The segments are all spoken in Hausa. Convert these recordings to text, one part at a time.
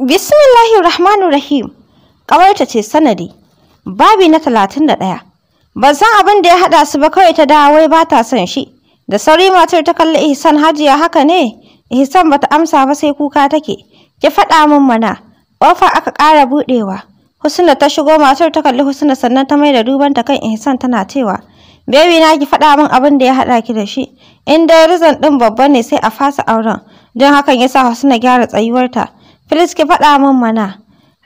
bismillahi rahmanu Rahim. Ƙawarta ce sanadi. Babi na talatin da ɗaya. Ban san abin da ya haɗa su ba kawai ta dawo wai ba ta son shi. Da sauri matar ta kalli Ihsan Hajiya haka ne? Ihsan bata amsa ba sai kuka take. Ki faɗa min mana. Ƙofa aka ƙara buɗewa. Husna ta shigo matar ta kalli Husna sannan ta maida duban ta kan Ihsan tana cewa bebi na ki faɗa min abin da ya haɗa ki da shi. In dai rizan ɗin babba ne sai a fasa auren. Don hakan ya sa Husna gyara tsayuwarta. Please ki faɗa min mana.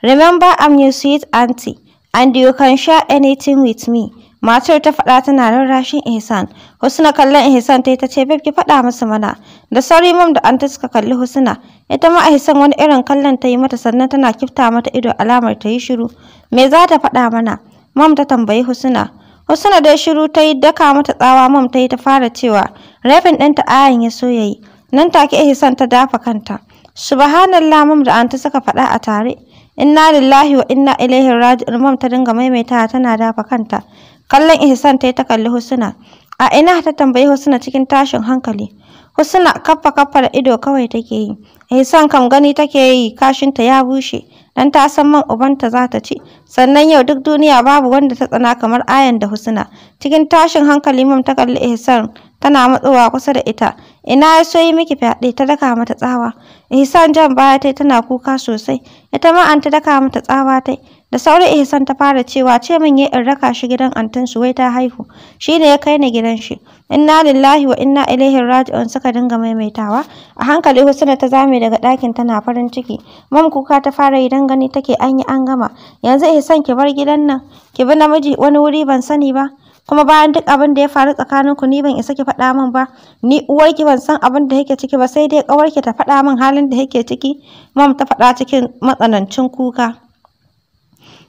Remember I'm your sweet auntie and you can share anything with me. Matar ta faɗa tana rarrashin Ihsan. Husna kallon Ihsan ta ta ce babe ki faɗa masa mana. Da sauri mam da anta suka kalli Husna. Ita ma Ihsan wani irin kallon ta yi mata sannan tana kifta mata ido alamar ta yi shiru. Me za ta faɗa mana? Mam ta tambayi Husna. Husna dai shiru ta yi daka mata tsawa mam ta yi ta fara cewa rafin ɗinta ayan ya so yayi. Nan take Ihsan ta dafa kanta. subhanallah mam da anta suka faɗa a tare inna lillahi wa inna ilaihi raji'un mam ta dinga maimaitawa tana dafa kanta kallon ihsan ta ta kalli husna a ina ta tambayi husna cikin tashin hankali husna kaffa kaffa da ido kawai take yi ihsan kam gani take yi kashinta ya bushe dan ta san man ubanta za ta ci sannan yau duk duniya babu wanda ta tsana kamar ayan da husna cikin tashin hankali mam ta kalli ihsan tana matsowa kusa da ita ina ya so yi miki fyaɗe ta daka mata tsawa ihsan jan baya tai tana kuka sosai ita ma an ta daka mata tsawa tai da sauri ihsan ta fara cewa ce min ya in raka shi gidan antin su wai ta haihu shi ne ya kai ni gidan shi inna lillahi wa inna ilaihi raji'un suka dinga maimaitawa a hankali husna ta zame daga ɗakin tana farin ciki mam kuka ta fara yi gani take anyi an gama yanzu ihsan ki bar gidan nan ki bi namiji wani wuri ban sani ba kuma bayan duk abin da ya faru tsakaninku ni ban isa ki faɗa min ba ni uwar ki ban san abin da yake ciki ba sai dai ki ta faɗa min halin da yake ciki mom ta faɗa cikin matsanancin kuka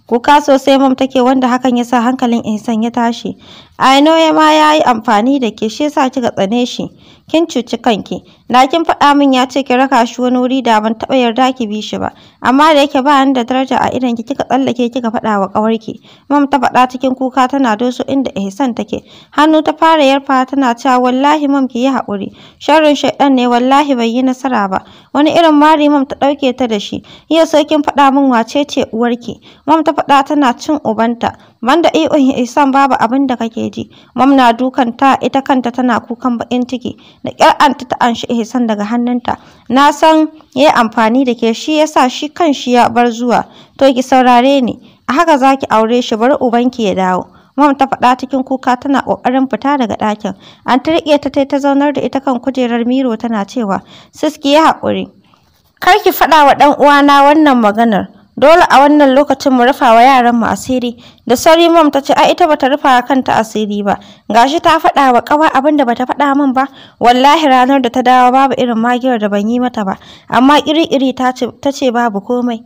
kuka sosai mam take wanda hakan ya sa hankalin Ihsan ya tashi. Aino ya ma ya yi amfani da ke shi yasa kika tsane shi. Kin cuci kanki. Na kin faɗa min ya ce ki raka shi wani wuri da ban taɓa yarda ki bi shi ba. Amma da yake ba ni da daraja a idan ki kika tsallake kika faɗa wa ƙawarki. Mam ta faɗa cikin kuka tana doso inda Ihsan take. Hannu ta fara yarfa tana cewa wallahi mam ki yi haƙuri. Sharrin shaiɗan ne wallahi bai yi nasara ba. Wani irin mari mam ta ɗauke ta da shi. Yau so kin faɗa min wace ce uwarki. Mam ta faɗa tana cin ubanta. Banda ihun Ihsan babu abin da kake ji. Mam na dukan ta ita kanta tana kukan baƙin ciki. Da ƙyar anti ta anshi Ihsan daga hannunta. Na san yayi amfani da ke shi yasa shi kan shi ya bar zuwa. To ki saurare ni. A haka zaki aure shi bar ubanki ya dawo. mam ta faɗa cikin kuka tana ƙoƙarin fita daga ɗakin. An ta riƙe ta ta zaunar da ita kan kujerar miro tana cewa, Siski ya haƙuri. Kar ki faɗa wa ɗan uwana wannan maganar. dole a wannan lokacin mu rufa wa yaran mu asiri da sauri mom ta ce ai ita bata rufa kanta asiri ba gashi ta faɗa wa kawa abin da bata faɗa min ba wallahi ranar da ta dawo babu irin magiyar da ban yi mata ba amma iri-iri ta ce babu komai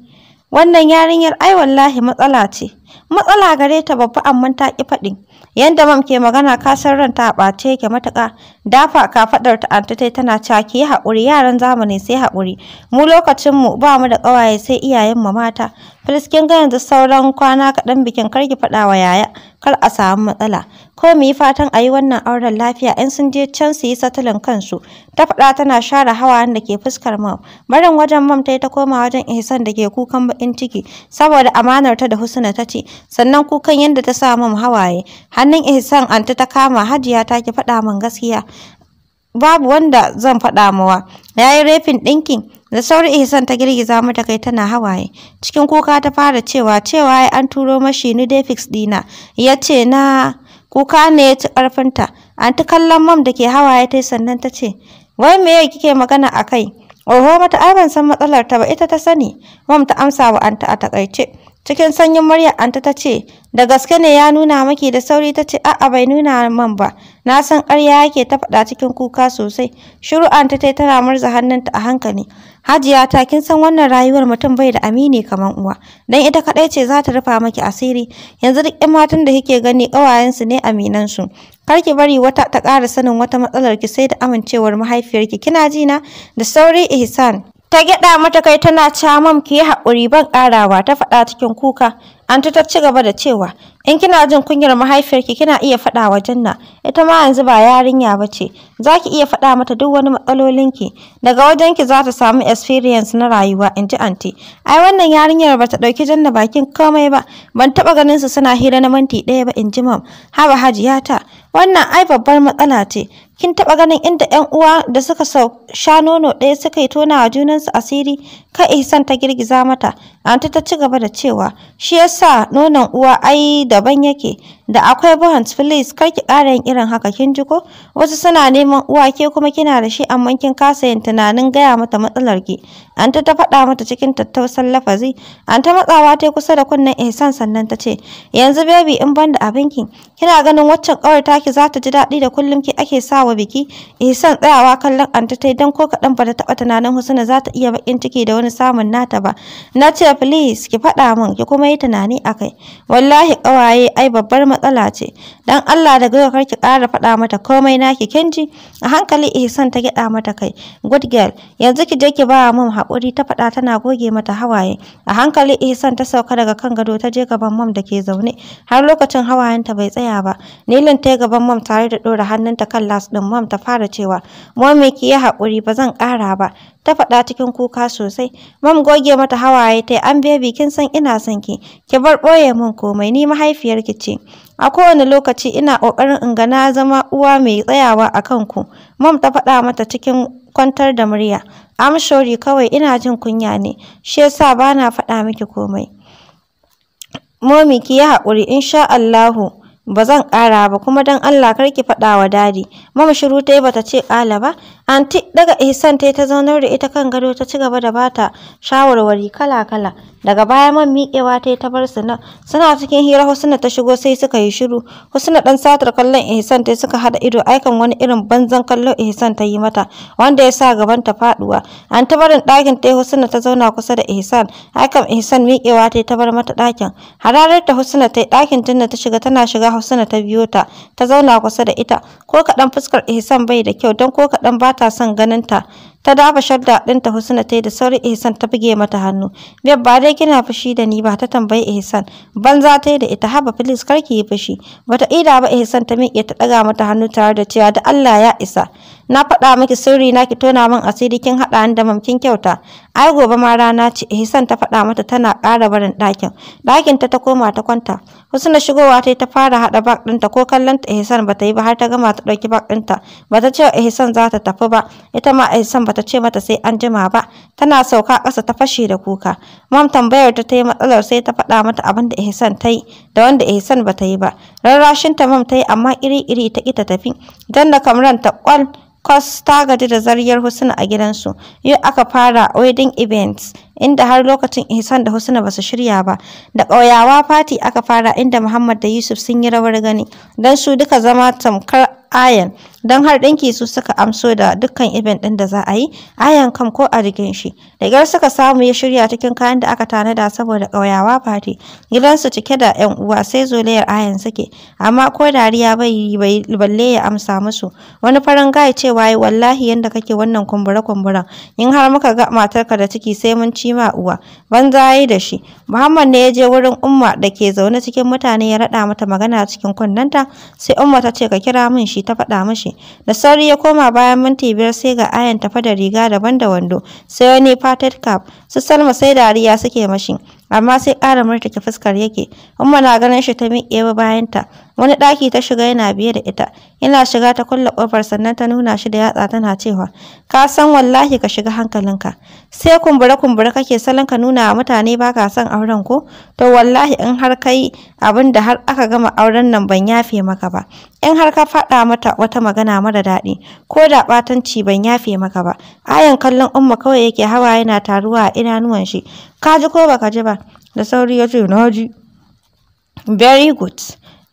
wannan yarinyar ai wallahi matsala ce matsala gare ta babba amma ta ki faɗi Yanda mam ke magana ka san ranta a ɓace yake matuƙa. Dafa kafaɗar ta anta tai tana cewa ki yi haƙuri yaran zamani sai haƙuri. Mu lokacin mu ba mu da ƙawaye sai iyayen mu mata. Filis ga yanzu sauran kwana kaɗan bikin kar ki faɗa wa yaya. kar a samu matsala ko mu yi fatan a yi wannan auren lafiya in sun je can su yi satilin kansu ta faɗa tana share hawayen da ke fuskar mam barin wajen mam ta yi ta koma wajen ihsan da ke kukan bakin ciki saboda amanar ta da husna ta ce sannan kukan yadda ta sa mam hawaye hannun ihsan anta ta kama hajiya ta ki faɗa min gaskiya babu wanda zan faɗa mawa ya yi refin ɗinkin da sauri ihsan ta girgiza mata kai tana hawaye cikin kuka ta fara cewa cewa ai an turo mashi ni defix dina ya ce na kuka ne ya ci ƙarfinta an ta kallon mam da ke hawaye ta sannan ta ce wai me kike magana a kai oho mata ai ban san matsalar ta ba ita ta sani mam ta amsa wa anta a takaice cikin sanyin muryar anta ta ce da gaske ne ya nuna maki da sauri ta ce a'a bai nuna man ba na san ƙarya yake ta faɗa cikin kuka sosai shiru anta ta tana murza hannunta a hankali hajiya ta kin san wannan rayuwar mutum bai da amini kaman uwa dan ita kaɗai ce za ta rufa maki asiri yanzu duk ƴan matan da kike gani ƙawayensu ne aminansu kar ki bari wata ta ƙara sanin wata matsalar ki sai da amincewar mahaifiyarki kina jina? da sauri ihsan ta gyaɗa mata kai tana cewa mam ki haƙuri ban ƙarawa ta faɗa cikin kuka Antu ta ci gaba da cewa, in kina jin kunyar mahaifiyarki kina iya faɗa wa Janna, ita ma yanzu ba yarinya ba ce, za ki iya faɗa mata duk wani matsalolinki, daga wajenki za ta samu experience na rayuwa, in ji anti. Ai wannan yarinyar ba ta ɗauki Janna bakin komai ba, ban taɓa ganin su suna hira na minti ɗaya ba, in ji mam, haba hajiyata, wannan ai babbar matsala ce, kin taɓa ganin inda 'yan uwa da suka sha nono ɗaya suka yi tona wa junansu asiri, ka Ihsan ta girgiza mata, anti ta ci gaba da cewa, shi yasa sa nonon uwa ai daban yake da akwai bonds please kar ki ƙara yin irin haka kin ji ko wasu suna neman uwa ke kuma kina da shi amma kin kasa yin tunanin gaya mata matsalar ki anta ta faɗa mata cikin tattausan lafazi anta matsawa ta kusa da kunnen ihsan sannan ta ce yanzu baby in banda abinki kina ganin waccan ƙawar taki za ta ji daɗi da kullum ki ake sawa biki ihsan tsayawa kallon anta ta dan ko kaɗan ba ta taɓa tunanin husna za ta iya baƙin ciki da wani samun nata ba na ce please ki faɗa min ki kuma yi tunani akai wallahi ƙawaye ai babbar matsala ce dan Allah daga yau ki ƙara faɗa mata komai naki kenji a hankali Ihsan ta gyaɗa mata kai good girl yanzu ki je ki ba mum haƙuri ta faɗa tana goge mata hawaye a hankali Ihsan ta sauka daga kan gado ta je gaban mam da ke zaune har lokacin hawayen ta bai tsaya ba Nilin ta gaban mam tare da ɗora hannunta kan las din mam ta fara cewa me ki yi haƙuri ba zan ƙara ba ta faɗa cikin kuka sosai. Mam goge mata hawaye ta an bebi kin san ina son ki, ki bar ɓoye mun komai ni mahaifiyarki ce. A kowane lokaci ina ƙoƙarin in ga na zama uwa mai tsayawa a kanku. Mom ta faɗa mata cikin kwantar da murya. I'm kawai ina jin kunya ne. Shi yasa ba na faɗa miki komai. momi ki yi hakuri, insha Allahu. ba zan ƙara ba kuma don Allah kar ki faɗa wa dadi mama shiru ta yi bata ce ƙala ba anti daga ihsan ta ta zaunar da ita kan gado ta ci gaba da bata shawarwari kala kala daga baya man miƙewa ta ta bar su suna cikin hira husna ta shigo sai suka yi shiru husna dan satar kallon ihsan ta suka hada ido aikan wani irin banzan kallon ihsan ta yi mata wanda ya sa gaban ta faduwa an ta barin ɗakin ta husna ta zauna kusa da ihsan aikan ihsan miƙewa ta ta bar mata ɗakin hararar ta husna ta ɗakin tunda ta shiga tana shiga Hafsana ta biyo ta, ta zauna kusa da ita, ko kaɗan fuskar Ihsan bai da kyau don ko kaɗan ba ta son ganin ta, ta dafa shadda ɗinta Husna ta yi da sauri Ihsan ta buge mata hannu. Biyar ba dai kina fushi da ni ba ta tambayi Ihsan. Banza ta yi da ita haba filis kar ki yi fushi. Bata ida ba Ihsan ta miƙe ta ɗaga mata hannu tare da cewa da Allah ya isa. Na faɗa miki sirri na ki tona min asiri kin haɗa ni da mamkin kyauta. Ai gobe ma rana ce Ihsan ta faɗa mata tana ƙara barin ɗakin. Ɗakin ta ta koma ta kwanta. Husna shigowa ta yi ta fara haɗa bak ɗinta ko kallon ta Ihsan ta yi ba har ta gama ta ɗauki bag ɗinta. Bata ce Ihsan za ta tafi ba. Ita ma Ihsan bata ce mata sai an jima ba tana sauka ƙasa ta fashe da kuka mam tambayar ta ta yi matsalar sai ta faɗa mata abin da ihsan ta yi da wanda ihsan ta yi ba rarrashin ta mam ta yi amma iri iri ta ita tafi dan da kamran ta kwal kwas ta gaji da zariyar husna a gidansu yau aka fara wedding events inda har lokacin Ihsan da Husna ba su shirya ba. Da ƙauyawa fati aka fara inda Muhammad da Yusuf sun yi rawar gani don su duka zama tamkar ayan don har ɗinki su suka amso da dukkan ibin ɗin da za a yi ayan kam ko a jikin shi da gar suka samu ya shirya cikin kayan da aka tanada saboda ƙauyawa fati gidansu cike da yan uwa sai zolayar ayan suke amma ko dariya bai balle ya amsa musu wani farin gaya cewa yi wallahi yanda kake wannan kumbura kumburan in har muka ga matarka da ciki sai mun ci ma uwa banza yayi da shi muhammad ne ya je wurin umma da ke zaune cikin mutane ya raɗa mata magana cikin kunnenta sai umma ta ce ka kira min shi ta faɗa mishi da sauri ya koma bayan minti biyar sai ga ayan tafa da riga daban da wando sai wani fatted cap su salma sai dariya suke mashi amma sai ƙara murtuke fuskar yake umma na ganin shi ta miƙe bayanta wani ɗaki ta shiga yana biye da ita yana shiga ta kulle ƙofar sannan ta nuna shi da yatsa tana cewa ka san wallahi ka shiga hankalinka sai kumbura kumbura kake salon ka nuna wa mutane ba ka son auren ko to wallahi in har kai abin da har aka gama auren nan ban yafe maka ba in har ka faɗa mata wata magana mara daɗi ko da ɓatanci ban yafe maka ba ayan kallon umma kawai yake hawa yana taruwa a idanuwan shi ka ji ko baka ji ba da sauri ya ce na ji very good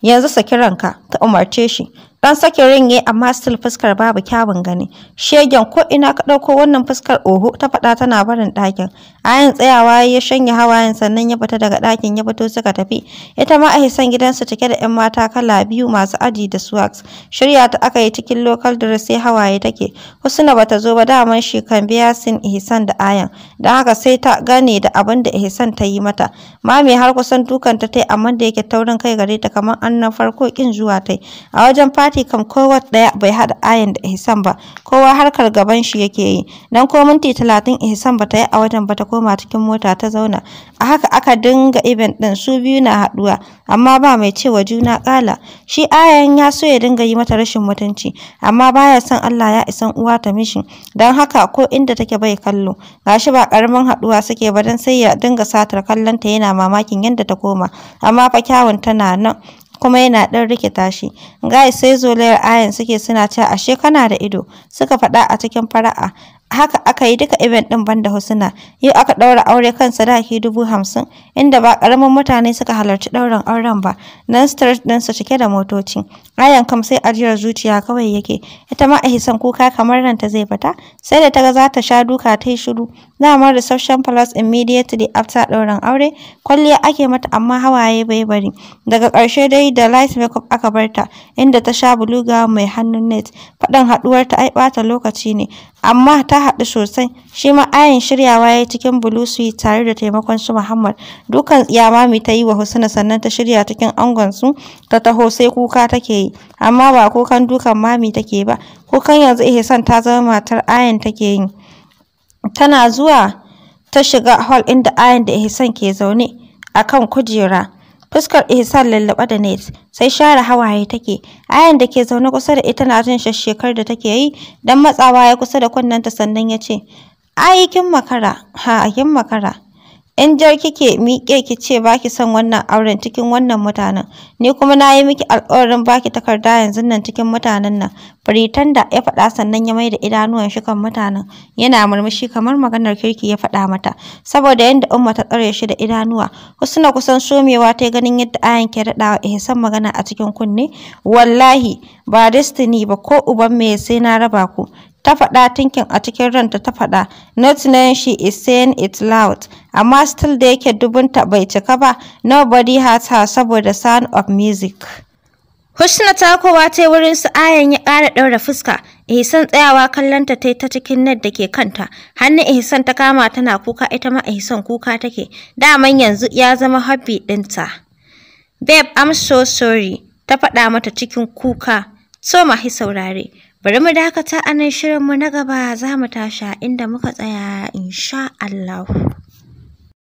yanzu saki ranka ta umarce shi Dan sake rin yayi amma still fuskar babu kyawun gani. Shegen ko ina ka ɗauko wannan fuskar oho ta faɗa tana barin ɗakin. Ayan tsayawa ya shanye hawayen sannan ya fita daga ɗakin ya fito suka tafi. Ita ma a hisan gidansu cike da ‘yan mata kala biyu masu aji da swags. Shirya ta aka yi cikin local dress sai hawaye take. Husna bata zo ba daman shi kan biya sin Ihsan da Ayan. Don haka sai ta gane da abin da Ihsan ta yi mata. Mami har kusan dukanta ta tai amma da yake taurin kai gare ta kamar an na farko kin zuwa tai A wajen sati kan kowa ɗaya daya bai hada ayan da Ihsan ba. Kowa harkar gaban shi yake yi. Dan ko minti talatin Ihsan bata yi a wajen ba ta koma cikin mota ta zauna. A haka aka dinga event din su biyu na haduwa amma ba mai cewa juna kala. Shi ayan ya so ya dinga yi mata rashin mutunci amma baya son Allah ya isan uwa ta mishi, Dan haka ko inda take bai kallo. Gashi ba karamin haduwa suke ba dan sai ya dinga satar kallon ta yana mamakin yadda ta koma. Amma fa kyawun tana nan. kuma yana ɗan rike tashi. Guy sai zolayar ayan suke suna cewa ashe kana da ido suka faɗa a cikin fara'a. Haka aka yi duka event ɗin banda Husna. Yau aka ɗaura aure kan sadaki dubu hamsin inda ba ƙaramin mutane suka halarci ɗaurin auren ba. Nan ɗin su cike da motoci. Ayan kam sai ajiyar zuciya kawai yake. Ita ma a hisan kuka kamar ranta zai fita. Sai da ta ga za ta sha duka ta yi shiru. Dama reception plus immediately after ɗaurin aure. Kwalliya ake mata amma hawaye bai bari. Daga ƙarshe dai da light makeup aka barta, inda ta sha buluga mai hannun net. Faɗin haɗuwarta ai bata lokaci ne, amma ta haɗu sosai. Shi ma ayin shiryawa ya cikin blue suit tare da taimakon su Muhammad. Dukan tsiyamami ta yi wa Husna sannan ta shirya cikin angon su ta taho sai kuka take yi, amma ba kukan dukan mami take ba, kukan yanzu Ihsan ta zama matar ayin take yi. Tana zuwa ta shiga hall inda ayin da Ihsan ke zaune akan kujera. Fuskar Ihsan lallaɓa da net sai share hawaye take. Ayan da ke zaune kusa da ita na jin shashshekar da take yi dan matsawa ya kusa da kunnenta sannan ya ce, Ai kin makara, ha kin makara. in jar kike miƙe ki ce baki son wannan auren cikin wannan mutanen ni kuma na yi miki alƙawarin baki takarda yanzu nan cikin mutanen nan Biritanda ya faɗa sannan ya maida idanuwan shi kan mutanen yana murmushi kamar maganar kirki ya faɗa mata saboda yadda umma ta tsare shi da idanuwa husna kusan somewa ta ganin yadda ayan ke daɗawa ihsan magana a cikin kunne wallahi ba destiny ba ko uban me sai na raba ku ta faɗa tinkin a cikin ranta ta faɗa not knowing she is saying it loud amma still da yake dubunta bai cika ba nobody has her saboda sound of music Husna ta kowa ta wurin su ayan ya ƙara ɗaura fuska Ihsan tsayawa kallonta ta ta cikin net da ke kanta. Hannun Ihsan ta kama tana kuka ita ma Ihsan kuka take. Daman yanzu ya zama hobby ɗinta. Babe, I'm so sorry. Ta faɗa mata cikin kuka. So mahi saurare. Bari mu dakata anan nan shirinmu na gaba za mu tashi a inda muka tsaya insha Allahu.